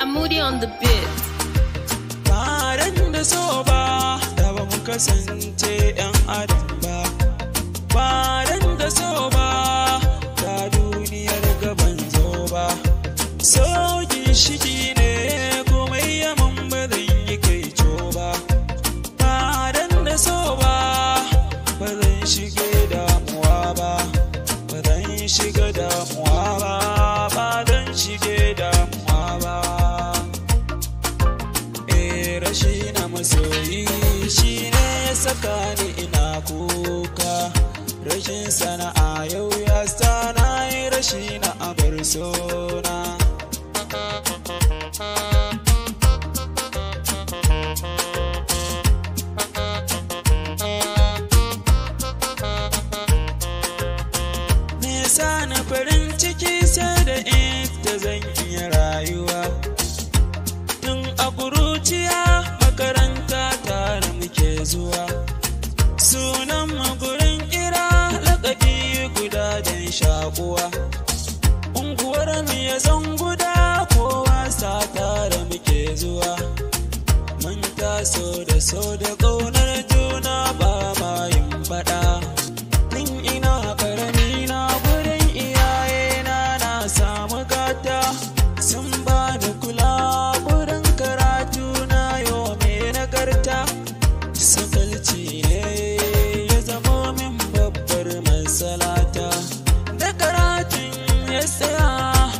I'm moody on the beat. shi na masoyi shi ne ya saka ni ina kuka rashin sana'a yau ya sana rashina na abar sona shakuwa unguwar mu ya guda kowa sa tare muke zuwa mun taso da so da ƙau tsaya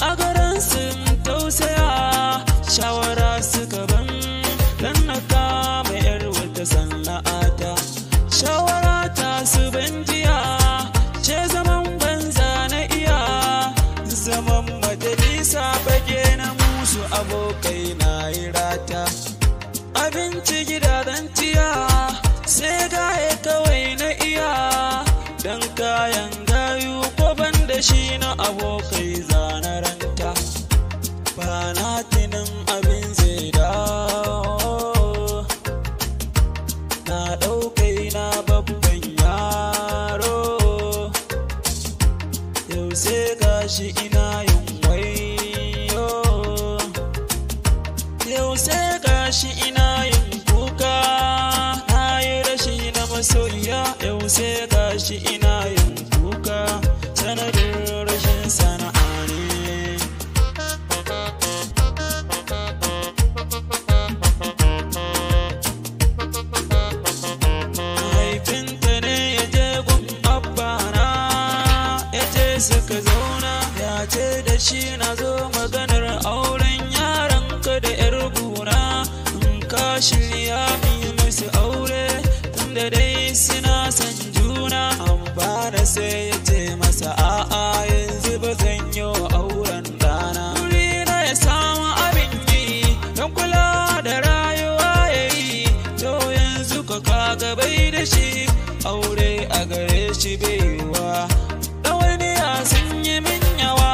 a garin sun tausaya shawara suka ban dan na kama yar wata sana'ata shawara ta su ban jiya ce zaman banza na iya zaman majalisa fage na musu abokai na yi rata abinci gidajen tiya sai gaye kawai na iya don kayan Murmushi na abokai zanaranta, ba na tinin abin zai dawo. Na ɗaukai na babban yaro, yau sai gashi ina yin wayo. Yau sai gashi ina yin kuka, na yi rashi na masoya, yau sai gashi ina shi aure a gare shi baiwa ɗawainiya sun yi min yawa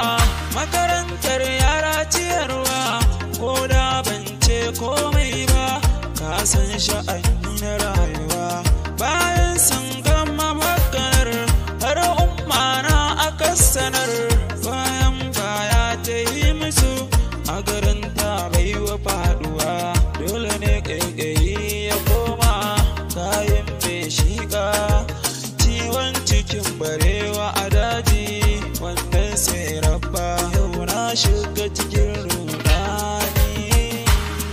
makarantar yara ciyarwa ko da ban ce komai ba ka san sha'ani barewa a daji wannan sai rabba yau na shiga cikin rudani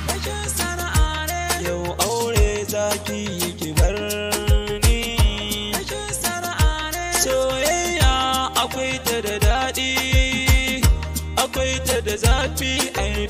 bakin sana'a ne yau aure zaki yi kibar ni bakin sana'a ne soyayya akwai ta da daɗi akwai ta da zafi ai